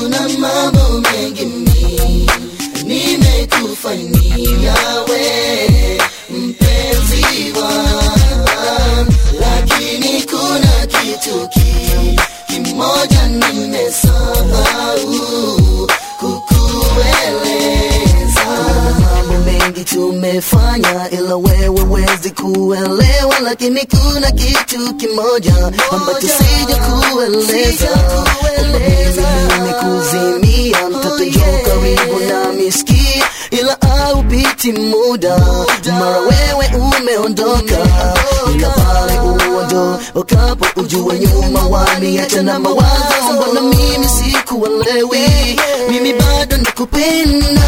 kuna mambo mengi ni nimekufanyia we mpenzi wangu, lakini kuna kitu kimoja nimesahau tumefanya ila wewe wezi kuelewa, lakini kuna kitu kimoja ambacho sija kueleza. si muda, mara wewe umeondoka, nikavale uondo ukapo ujue nyuma waniacha na mawazo, mbona mimi sikuelewi, mimi bado nakupenda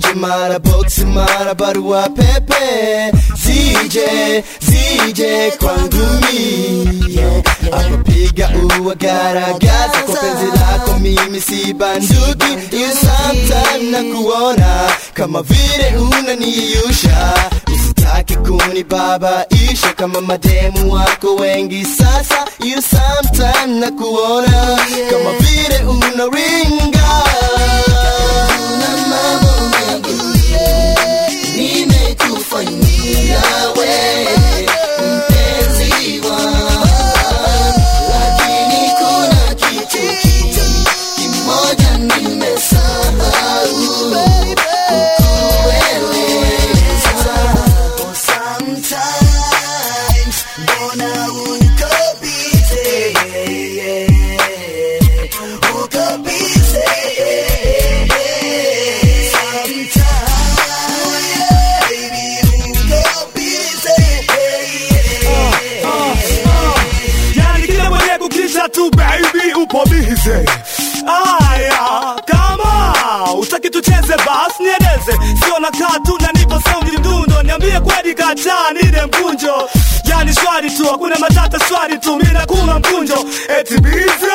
tuje mara boxi mara barua pepe zije zije kwangu mimi yeah, uwa gara gaza kwa penzi lako mimi si banduki you sometime na kuona kama Usitake kuni baba isha kama mademu wako wengi sasa you sometime na kuona kama una ringa baby, upo bize. Aya, kama utaki tucheze basi nieleze, sio katu na nanipa saundi mdundo, niambie kweli kataa nile mkunjo, yani shwari tu, hakuna matata, swari tu, mimi nakuna mkunjo eti bize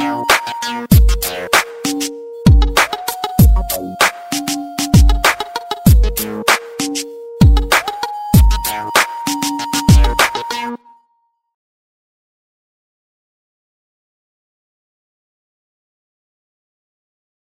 you.